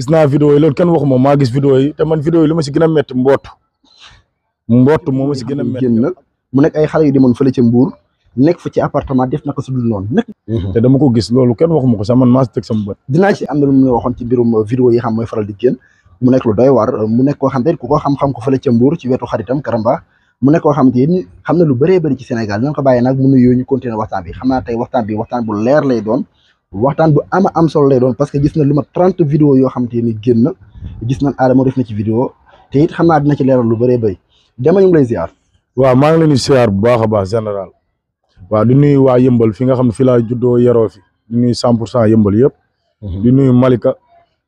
gis na vidéo yi loolu kenn waxuma maa gis vidéo yi te man vidéo yi li ma si gën a métti mboot mboot moom ma si gën a métti mu nekk ay xale yu fa fële ca Mbour nekk fa ci appartement def na ko su dul noonu nekk dama ko gis loolu kenn waxuma ko sax man maa si teg sama bët dinaa ci am na lu mu waxoon ci mbirum vidéo yi xam mooy faral di génn mu nekk lu doy waar mu nekk koo xam te ku ko xam-xam ko fële ca Mbour ci wetu xaritam Karamba mu nekk koo xam te ni xam lu bëree bëri ci Sénégal na ko bàyyi nag mu nuyoo ñu continuer waxtaan bi xam na tey waxtaan bi waxtaan bu leer lay doon waxtaan bu ama am solo lay doon parce que gis na lu ma trente vidéo yoo xam te ni génn gis nañ Adama def na ci vidéo te it xam naa dina ci leeral lu bëree bay dama ñu ngi lay ziar. waaw maa ngi leen di bu baax a baax général waaw di nuyu waa yëmbal fi nga xam ne fi laa juddoo yaroo fi di nuyu cent pour cent yëpp. Mhm. di nuyu Malika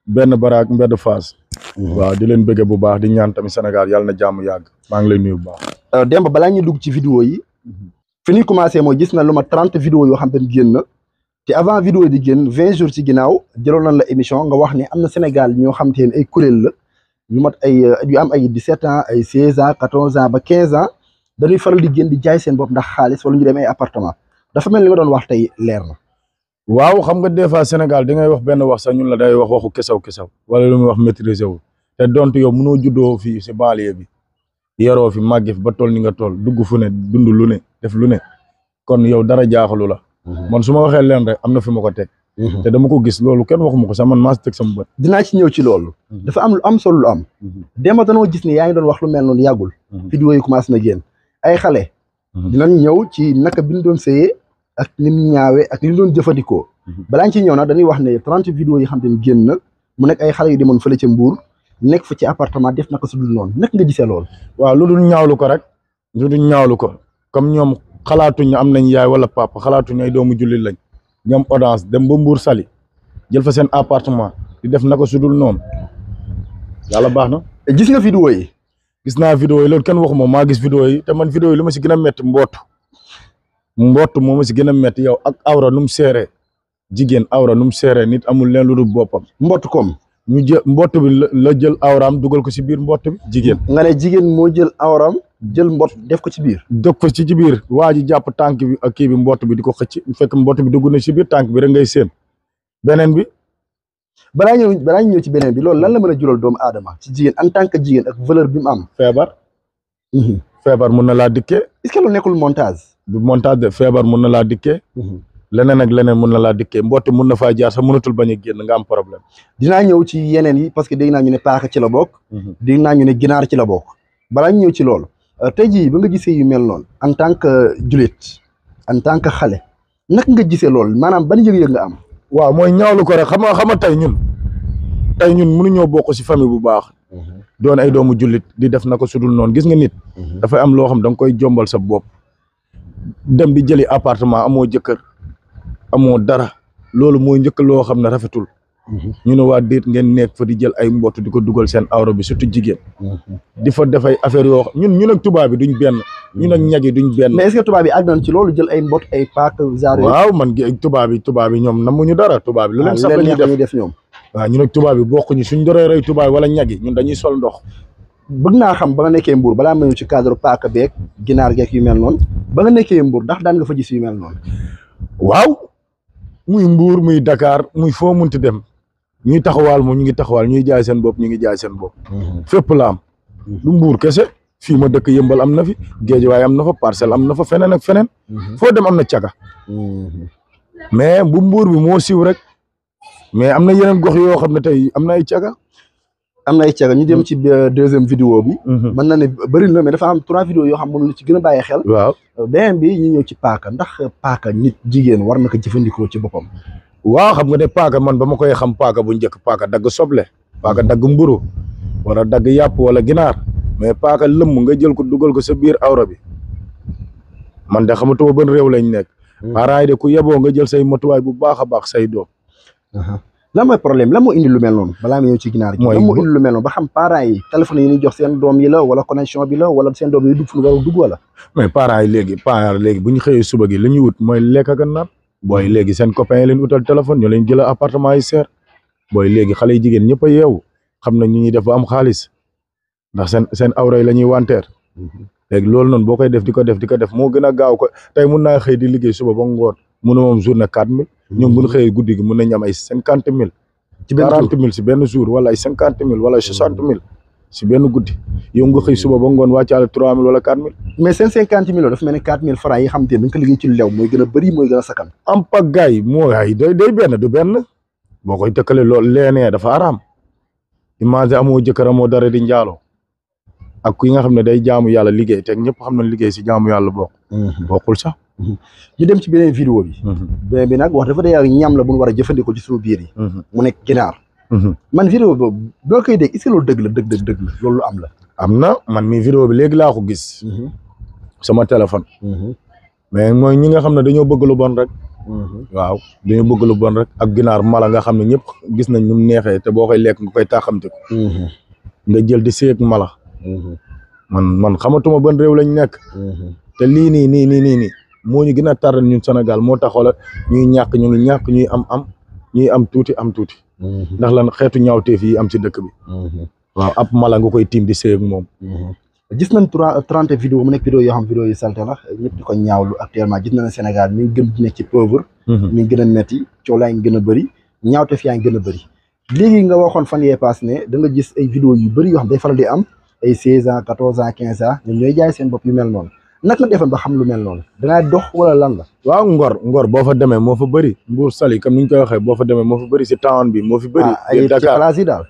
benn baraak mbedd Fass. Mhm. waaw di leen bëggee bu baax di ñaan tamit Sénégal yàlla na jàmm yàgg maa ngi lay nuyu bu baax. Euh, Demba balaa ñuy dugg ci vidéo yi. fi ñuy commencé mooy gis na lu ma trente vidéo yoo xam te ni génn. te avant vidéo di génn vingt jours ci ginnaaw jëloon nañ la émission nga wax ne am na Sénégal ñoo xam te ne ay kuréel la ñu mat ay euh, yu am ay dix-sept ans ay seize ans quatorze ans ba quinze ans dañuy faral di génn di jaay seen bopp ndax xaalis wala ñu dem ay appartement dafa mel ni nga doon wax tey leer na. waaw xam nga des fois Sénégal da ngay wax benn wax sax ñun la day wax waxu kesaw kesaw wala lu muy wax maîtriser wu te donte yow mënoo juddoo fii si banlieue bi yaroo fi màgge fi ba toll ni nga toll dugg fu ne dund lu ne def lu ne kon yow dara jaaxalu la. Mhm. man su ma waxee leen rek am na fi ma ko teg. Mhm. te dama ko gis loolu kenn waxuma ko sax man maa teg teg sama bët. dinaa ci ñëw ci loolu. Mhm. dafa am lu am solo lu am. démb danoo gis ne yaa ngi doon wax lu mel noonu yàggul. vidéo yi na génn ay xale. dinañ ñëw ci naka bi ñu doon seeyee ak ni mu ñaawee ak li ñu doon jëfandikoo. balaa ñu ciy ñëw nag dañuy wax ne trente vidéo yi xam te ne génn na mu nekk ay xale yu demoon fële ca Mbour nekk fa ci appartement def naka su dul noonu naka nga gisee lool waaw lu dul ñaawlu ko rek. lu dul ñaawlu ko comme ñoom xalaatuñu am nañ yaay wala papa xalaatuñu ay doomu jullit lañ ñoom audience dem ba Mbour Saly jël fa seen appartement di def naka sudul noonu yàlla baax na. gis nga vidéo yi. gis naa vidéo yi loolu kenn waxuma maa gis vidéo yi te man vidéo yi li ma si gën a mbot mbootu mbootu moo ma gën a métti yow ak awra nu mu seeree jigéen awra nu mu seeree nit amul leen lu dul boppam mbootu koom. ñu jël mbott bi la jël awraam dugal ko ci biir mbott bi jigéen nga ne jigéen moo jël awraam jël mbott def ko ci biir def ko ci ci biir waa ji jàpp tànk bi ak kii bi mbott bi di ko xëcc fekk mbott bi dugg na ci biir tànk bi rek ngay séen beneen bi balaa ñëw balaa ñëw ci beneen bi loolu lan la mën a jural doomu aadama ci jigéen en tant que jigéen ak valeur bi mu am feebar mhm. feebar mun na laa dikke est-ce que loolu nekkul montage du montage de feebar mun na laa dikkee mhm. leneen ak leneen mun na laa dikkee mbooti mun na faa jaar sax mënatul bañ a génn nga am problème. dinaa ñëw ci yeneen yi parce que dégg naa ñu ne paaka ci la bokk. Mhm. dégg naa ñu ne ginaar ci la bokk. balaa ñëw ci loolu euh, tey jii ba nga gisee yu mel noon en tan que julit en tant que xale naka nga gisee loolu maanaam ban yëg-yëg nga am. waaw mooy ñaawlu ko rek xam nga xam nga tey ñun tey ñun mënuñoo bokk si famille bu baax. Mhm. doon ay doomu julit di def na ko sudul noonu gis nga nit. Mhm. dafay am loo xam da nga koy jombal sa bopp. dem di jëli appartement amoo jëkkër amoo dara loolu mooy njëkk loo xam ne rafetul mhm. ñu ne waa déet ngeen nekk fa di jël ay mbott di ko dugal seen awra bi surtout jigéen mhm. di fa def affaire yoo xam ñun ñun ak tubaab bi duñ benn ñun ak mhm. ñag yi duñ benn mais est-ce que yi àgg nañ ci loolu jël ay mbott ay paak genre man gi tubaab yi tubaab yi ñoom namuñu dara tubaab yi lu leen ah, sax lañuy def ñoom waaw ñun ak tubaab yi bokkuñu suñ doree rey tubaab wala ñag yi ñun dañuy sol ndox bëgg naa xam ba nga nekkee mbuur balaa ma ñëw ci cadre paaka beeg ginaar geeg yu mel noon ba nga nekkee mbuur ndax daan nga fa gis yu mel noonu muy Mbour muy Dakar muy foo munti dem ñuy taxawaal moom ñu ngi taxawaal ñuy jaay seen bopp ñu ngi jaay seen bopp. Mhm. fépp la am. du Mbour kese fii ma dëkk yëmbal am na fi géejewaay am na fa parcelle am na fa feneen ak feneen. Mhm. foo dem am na caga. Mhm. mais bu Mbour bi moo siw rek mais am na yeneen gox yoo xam ne tey am na ay caga. am na ay caga ñu dem mm. ci euh, deuxième vidéo bi mm-hmm. mën na ne bëri na mais dafa am trois vidéos yoo xam moom ci gina a bàyyi xel waaw euh, beneen bi ñu ñëw ci paaka ndax paaka nit jigéen war na ko jëfandikoo ci boppam waaw xam nga ne paaka man ba ma koy xam paaka bu njëkk paaka dagg soble paaka dagg mburu wala dagg yàpp wala ginaar mais paaka lëmm nga jël ko dugal ko sa biir awra bi man de xamatuma ban réew lañ nekk mm. parents yi de ku yeboo nga jël say matuwaay bu baax a baax say doom lan mooy problème lan moo indi lu mel noonu balaa ma ñëw ci gi lan moo indi lu mel noonu ba xam parents yi téléphone yi ñuy jox seen doom yi la wala connexion bi la wala seen doom yi dugg fu war a dugg wala mais parents yi léegi bu ñu xëyee suba gi la ñuy wut mooy lekk ak naan booy hmm. léegi seen copains yi leen utal téléphone ñoo leen jëla appartement yi seer booy léegi xale yi jigéen ñëpp a yeewu xam na ñu ñuy def ba am xaalis ndax seen seen awra yi la ñuy wanteer hmm. léegi loolu noonu boo koy def di ko def di ko def moo gën gaaw ko tey mun naa xëy di liggéey suba ba ngoon munu moom journée 4000 ñoom bu ñu xëyee guddi gi mën nañu am ay cinquante mille. ci benn jour quarante mille si benn jour wala ay cinquante mille wala soixante mm. mille si benn guddi yow nga xëy suba ba ngoon wàccaale trois mille wala mais dafa mel ni quatre mille francs yi xam te ne dañ ko a bëri mooy am pagaay ay day day benn du benn boo koy tëkkale loolu leenee dafa araam imagine amoo jëkkër amoo dara di njaaloo ak ki nga xam ne day jaamu yàlla liggéey te ñëpp xam na liggéey si jaamu yàlla bokk. Mhm. bokkul sax. Mhm. ñu dem ci beneen vidéo bi. Mhm. beneen bi nag wax dafa day ñam la a jëfandikoo ci suñu biir yi. mu nekk ginaar. man vidéo boobu doo koy dëgg la dëgg dëgg dëgg la loolu la. am na man mi vidéo bi léegi laa ko gis. sama téléphone. mais mooy ñi nga xam ne dañoo bëgg lu rek. waaw dañoo bëgg lu rek ak ginaar mala nga xam ne ñëpp gis nañ nu mu te boo koy lekk nga koy taaxamte ko. nga jël di seeg mala. Mm-hmm. man man xamatuma ban réew lañ nekk. Mm-hmm. te lii nii nii nii ni nii moo ñu gën a taral ñun senegal moo taxola ñuy ñàkk ñu ngi ñàkk ñuy am am ñuy am tuuti am tuuti. Mm-hmm. ndax lan xeetu ñaawteef yi am ci dëkk bi. waaw ab mala nga koy tiim di moom. gis nañ trois trente vidéo mu nekk vidéo yoo xam vidéo yu salte la ñëpp di ko ñaawlu actuellement gis nañ Sénégal mi ngi gën di nekk ci pauvre. mi ngi gën a metti coow laa gën a bëri ñaawteef yaa ngi gën a bëri. léegi nga waxoon fan yee paas ne da nga gis ay vidéo yu bëri yoo xam day faral di am. ay 16 ans 14 ans jaay seen bopp yu mel noonu nak la defoon ba xam lu mel noonu danaa dox wala lan la. waaw ngor ngor boo fa demee moo fa bëri Mbour Saly comme ni ñu koy waxee boo fa demee moo fa bëri si town bi moo fi bëri. Ah, ay ci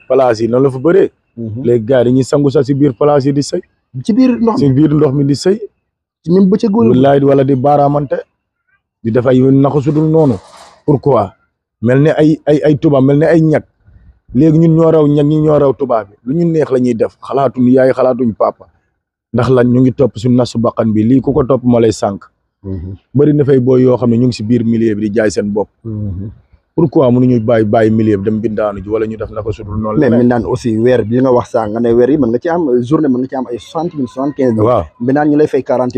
place la fa bëree. Mhm. léegi gars yi dañuy sangu sax si biir place di sëy. ci biir ndox mi si biir ndox mi di say ci même bëccëg wala wala di baaraamante di def ay naxu sudul noonu pourquoi mel ne ay ay ay tubaab mel ne ay ñag léegi ñun ñoo raw ñag ñi ñoo raw tubaab lu ñu neex la ñuy def xalaatuñu yaay xalaatuñu papa ndax lan ñu ngi topp nas su baqan bi li ku ko topp moo lay sànq. Mm-hmm. bëri na fay boo yoo xam ne ñu ngi si biir milieu bi di jaay seen bopp. Mm-hmm. pourquoi mënuñu bàyyi bàyyi milieu bi dem bindaanu ji wala ñu def na ko sudul noonu. mais mbindaan aussi nga wax sànq nga ne weer mën nga ci am journée mën am ay soixante mille soixante quinze mille. waaw mbindaan ñu lay fay quarante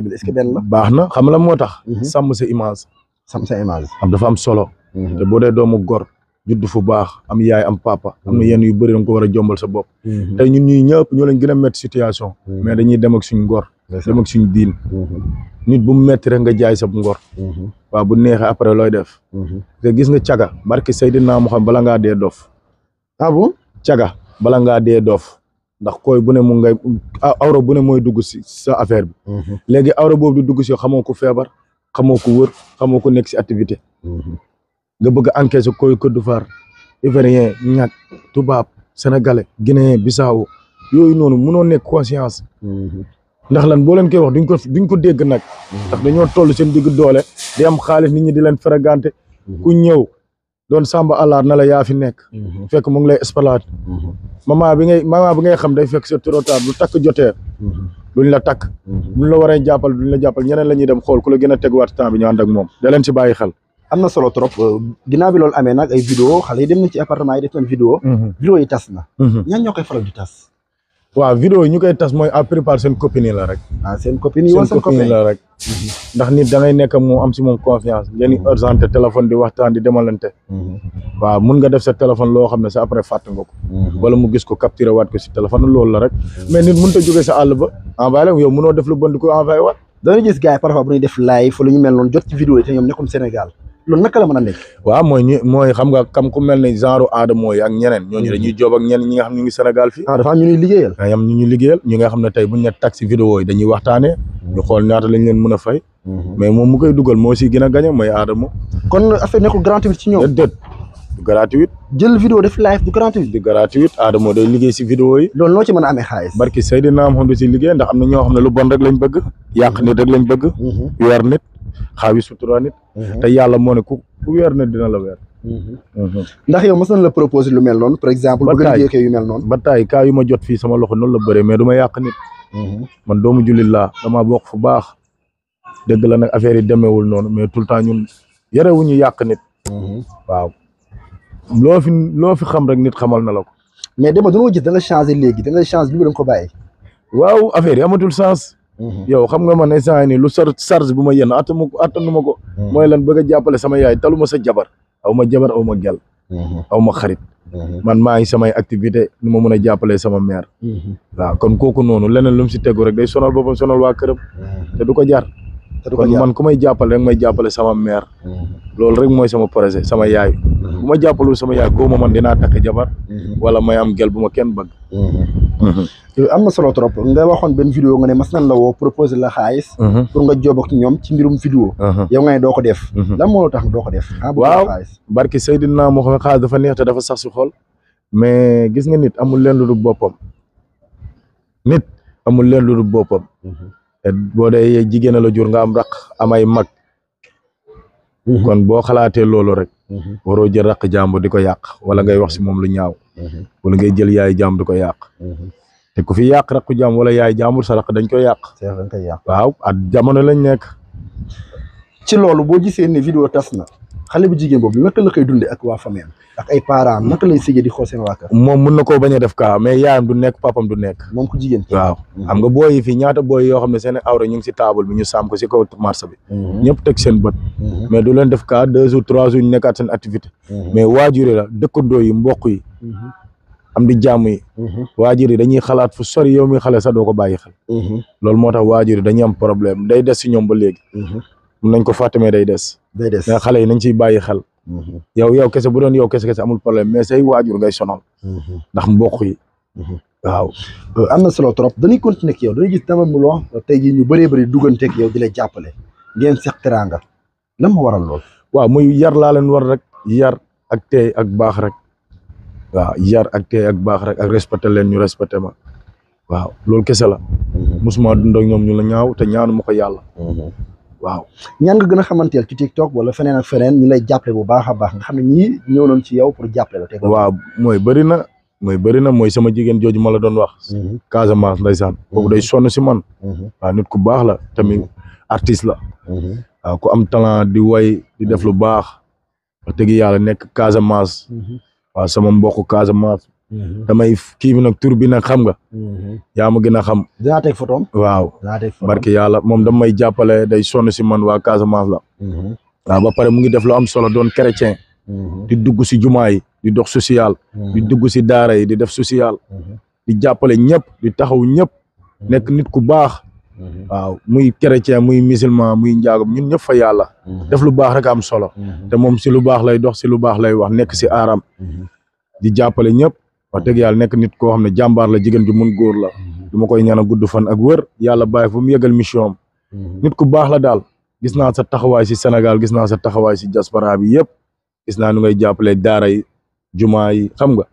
baax na xam la moo tax. Mm-hmm. sàmm sa image. sàmm sa image. am dafa am solo. te boo gor judd fu baax am yaay am papa am na hmm. yenn yu bëri danga ko war a jombal sa bopp hmm. tey ñu ñuy ñëpp ñoo leen gën a métti situation hmm. mais dañuy dem ak suñ ngor dem ak suñ diin nit bu mu métti rek nga jaay sab ngor waaw bu neexee après looy def te gis nga caga barki Seydina Muhammad bala ngaa dee doof ah caga bala ngaa dee doof ndax koy bu ne mu ngay ah, awra bu ne mooy dugg si sa affaire bi léegi awra boobu di dugg si xamoo ko feebar xamoo ko wër xamoo ko nekk si activité nga bëgg a encaissé koy Côte d'Ivoire ivoirien ñàkk tubaab sénégalais guinéen bissau yooyu noonu mënoo nekk conscience mhm. ndax lan boo leen koy wax duñ ko duñ ko dégg nag mhm. ndax dañoo toll seen digg doole di am xaalis nit ñi di leen fréquenté mhm. ku ñëw doon sàmba alaar na yaa fi nekk fekk mu ngi lay espalade maman bi ngay maman bi ngay xam day fekk c'est trop tard lu takk jotee duñ la takk duñ la waree jàppal duñ la jàppal ñeneen la ñuy dem xool ku la gën a tegwaat temps bi ñu ànd ak moom da leen si bàyyi xel am na solo trop euh, ginnaaw bi loolu amee nag ay vidéo xale yi dem nañ ci appartement yi def nañ vidéo mhm. vidéo yi mhm. yi ñu koy tas mooy à prépare seen copine la rek ah seen copine yi mhm. ndax nit da ngay nekk moom am si moom confiance ngeen di urgente téléphone di waxtaan di demalante waaw mun nga def sa téléphone loo xam ne sa après fàtt nga ko wala mu gis ko ko si téléphone loolu la rek mais nit mënut la yow mënoo def lu bon di ci vidéo yi te nekkum Sénégal loolu naka la mën a nekk. waaw mooy ñu mooy xam nga kam ku mel ne genre aadama yi ak ñeneen. ñooñu hmm. dañuy joob ak ñeneen ñi nga xam ñu ngi fii. ah dafa am ñu ñuy dañuy am ñu ñuy liggéeyal ñi nga dañuy waxtaanee. ñu xool ñaata lañ leen mën a fay. Hmm. mais moom mu koy dugal moo si gën a gañe mooy aadama. kon affaire nekkul gratuit ci ñoom. déedéet du gratuit. jël vidéo def live du gratuit. du gratuit aadama day liggéey si vidéo yi. loolu noo ci mën a amee xaalis. barki Seydina Muhammad si liggéey ndax am na ñoo xam ne lu bon rek lañ bëgg. yàq nit rek lañ bëgg. weer hmm. nit xaawi sutura nit mhm. te yàlla moo ne ku ku weer na dina la weer mhm. Mhm. ndax yow mos nañ la proposer lu mel noonu par exemple bëgg na yu mel noonu ba taay kaa yu ma jot fii sama loxo noonu la bëree mais du ma yàq nit man doomu jullit laa damaa bokk fu baax dëgg la nag affaire yi demeewul noonu mais tout le temps ñun ñu yàq nit waaw loo fi loo fi xam rek nit xamal na la ko mais dama dañoo gis da nga léegi da nga changé bi da ko bàyyi waaw affaire yi amatul sens Mhm. yow xam nga man instant ni lu sar charge bu ma yenn attanu attanu ma ko. Mhm. mooy lan bëgg a jàppale sama yaay talu ma sa jabar aw ma jabar aw ma gel mhm. aw ma xarit. man maa ngi samay activité nu ma mën a jàppalee sama mère. waaw kon kooku noonu leneen lu mu si tegu rek day sonal boppam sonal waa këram. te du ko jar. te du jar kon man ku may jàppale rek may jàppale sama mère. loolu rek mooy sama projet sama yaay. bu ma jàppalul sama yaay ko ma man dinaa takk jabar. wala may am gel bu ma kenn bëgg. Mhm. am na solo trop nga waxoon benn vidéo nga ne mas nañ la woo proposé la xaalis mhm. pour nga jóob ak ñoom ci mbirum vidéo mhm. yow nga ne doo ko def lan moo tax doo ko def ah waaw barki Seydina Mohamed xaalis dafa neex te dafa sax si xol mais gis nga nit amul leen lu dul boppam nit amul leen lu dul boppam boo dee jigéen la jur nga am raq amay mag kon boo xalaatee loolu rek waroo jël raq jàmbur di ko yàq wala ngay wax si moom lu ñaaw wala ngay jël yaay jaam di ko yàq mhm. te ku fi yàq rek ku jaam wala yaay jaamul sa raq dañ koy yàq dañ koy yàq waaw at jamono lañ nekk ci loolu boo gisee ne vidéo tas na xale bu jigéen boobu naka la koy dundee ak waa famille ak ay parents naka lay sëggee di xool seen waa kër moom mun na koo bañ a def kaa mais yaayam du nekk papam du nekk moom waaw mhm. xam nga booy yi fii ñaata booy yoo xam ne seen awra ñu ngi si table bi ñu saam ko si kaw marché bi mhm. ñëpp teg seen bët mhm. mais du leen def kaa deux jours trois jours ñu nekkaat seen activité mais waajure la dëkkandoo yi yi am di jàmm yi waajur yi dañuy xalaat fu sori yow mi xale sax doo ko bàyyi xel loolu moo tax waajur yi dañuy am problème day des si ñoom ba léegi nañ ko fàtte day des day des nga xale yi nañ ciy bàyyi xel. Mm-hmm. yow yow kese bu doon yow kese kese amul problème mais say waajur ngay sonal. Mm-hmm. ndax mbokk yi. Mm-hmm. waaw euh, am na solo trop dañuy continuer ak yow dañuy gis dama mu loo tey jii ñu bëree bëri dugganteeg yow di la jàppale ngeen seq teraanga lan ma waral lool. waaw muy yar laa leen war rek yar ak teey ak baax rek waaw yar ak teey ak baax rek ak respecté leen ñu respecté ma waaw loolu kese la. mosuma dund ñoom ñu la ñaaw te ñaan ma ko yàlla. waaw ñan nga gën a xamanteel ci TikTok wala feneen ak feneen ñu lay jàppale bu baax a baax nga xam ne ñii ñëw nañ ci yow pour jàppale la. waaw mooy bëri na mooy bëri na mooy sama jigéen jooju ma la doon wax. Mhm. Casamance ndeysaan. boobu day mhm. sonn si man. Mhm. waaw nit ku baax la tamit artiste la. waaw ku am talent di way di def lu baax. wax dëgg yàlla nekk Casamance. waaw sama mbokk Casamance. Mhm. damay kii bi nag tur nag xam nga. Mhm. yaa ma gën a xam. dinaa teg photo waaw barki yàlla moom damay jàppale day sonn si man waa Casamance la. Mhm. ba pare mu ngi def lu am solo doon chrétien. di dugg si jumaa yi di dox social. di si daara yi di def social. di jàppale ñëpp di taxaw ñëpp. nekk nit ku baax. waaw muy chrétien muy musulman muy njaagum ñun ñëpp fa yàlla. def lu baax rek am solo. te moom si lu baax lay dox si lu baax lay wax nekk si aaram. di jàppale ñëpp. wax dëgg yàlla nekk nit koo xam ne jàmbaar jigéen ju mun góor la mm-hmm. du ma koy ñaan a gudd fan ak wër yàlla bàyyi fu mu yëgal mission mm-hmm. nit ku baax la daal gis naa sa taxawaay si Sénégal gis naa sa taxawaay si diaspora bi yëpp gis naa nu ngay jàppale daara yi jumaa yi xam nga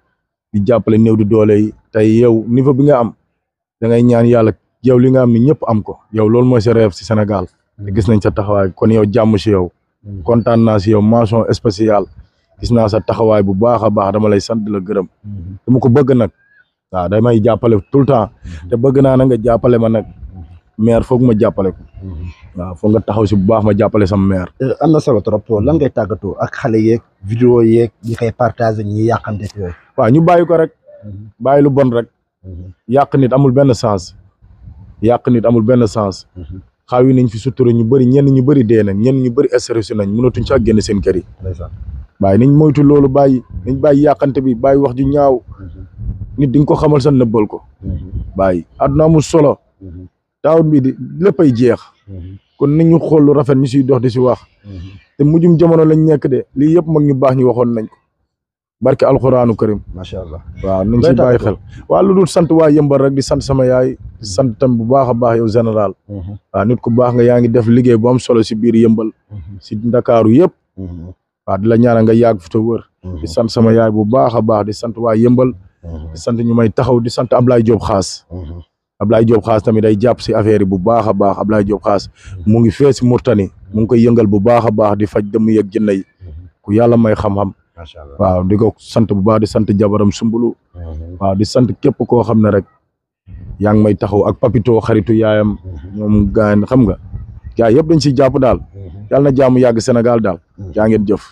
di jàppale néew di doole yi tey yow niveau bi nga am da ngay ñaan yàlla yow li nga am ni ñëpp am ko yow loolu mooy sa rêve si Sénégal te mm-hmm. gis nañ sa taxawaay kon yow jàmm si yow kontaan naa si spéciale gis naa sa taxawaay bu baax a baax dama lay sant di la gërëm mhm. dama ko bëgg nag waaw damay jàppale tout le temps mhm. te bëgg naa na nga jàppale ma nag mhm. maire foog ma jàppale ko waaw foog nga taxaw si bu baax ma jàppale sama maire eh, am na solo trop lan ngay tàggatoo ak xale yeeg vidéo yeeg ñi koy partagé ñi yàqante yooyu waaw ñu bàyyi ko rek bàyyi lu bon rek yàq nit amul benn sens yàq nit amul benn sens xaaw yi nañ fi sutura ñu bëri ñenn ñu bëri dee nañ ñenn ñu bëri stressé nañ mënatuñ ci ak génn seen kër yi bàyyi nañ moytu loolu bàyyi nañ bàyyi yàqante bi bàyyi wax ju ñaaw mm-hmm. nit di ko xamal sa nëbbal ko mm-hmm. bàyyi àdduna amul solo mm-hmm. taawut bi di léppay jeex kon nañu xool lu rafet ñu siy dox di si wax te mujjum jamono lañ nekk de lii yëpp mag ñu baax ñu waxoon nañ ko barke alxuraanu karim macha allah waaw nañ si bàyyi xel waa lu dul sant waay yëmbal rek di sant sama yaay sant tam bu baax a baax yow général waaw nit ku baax nga yaa ngi def liggéey bu am solo si biir yëmbal si ndakaaru yëpp waaw di la ñaanal nga yàgg fi te wër mhm. di sant sama yaay bu baax a baax di sant waa yëmbal mhm. di sant ñu may taxaw di sant Ablaye Diop xaas mhm. Ablaye Diop xaas tamit day jàpp si affaire yi bu baax a baax Ablaye Diop xaas mu ngi fee si Mourtani mu ngi koy yëngal bu baax a baax di faj dëmm yeeg jënna ku yàlla may xam-xam waaw di ko sant bu baax di sant jabaram sumbulu waaw di sant képp koo xam ne rek yaa ngi may taxaw ak papito xaritu yaayam ñoom gaan xam nga gaa yëpp dañ siy jàpp daal mhm. yàlla na jaamu yàgg Sénégal daal yaa mhm. ngeen jëf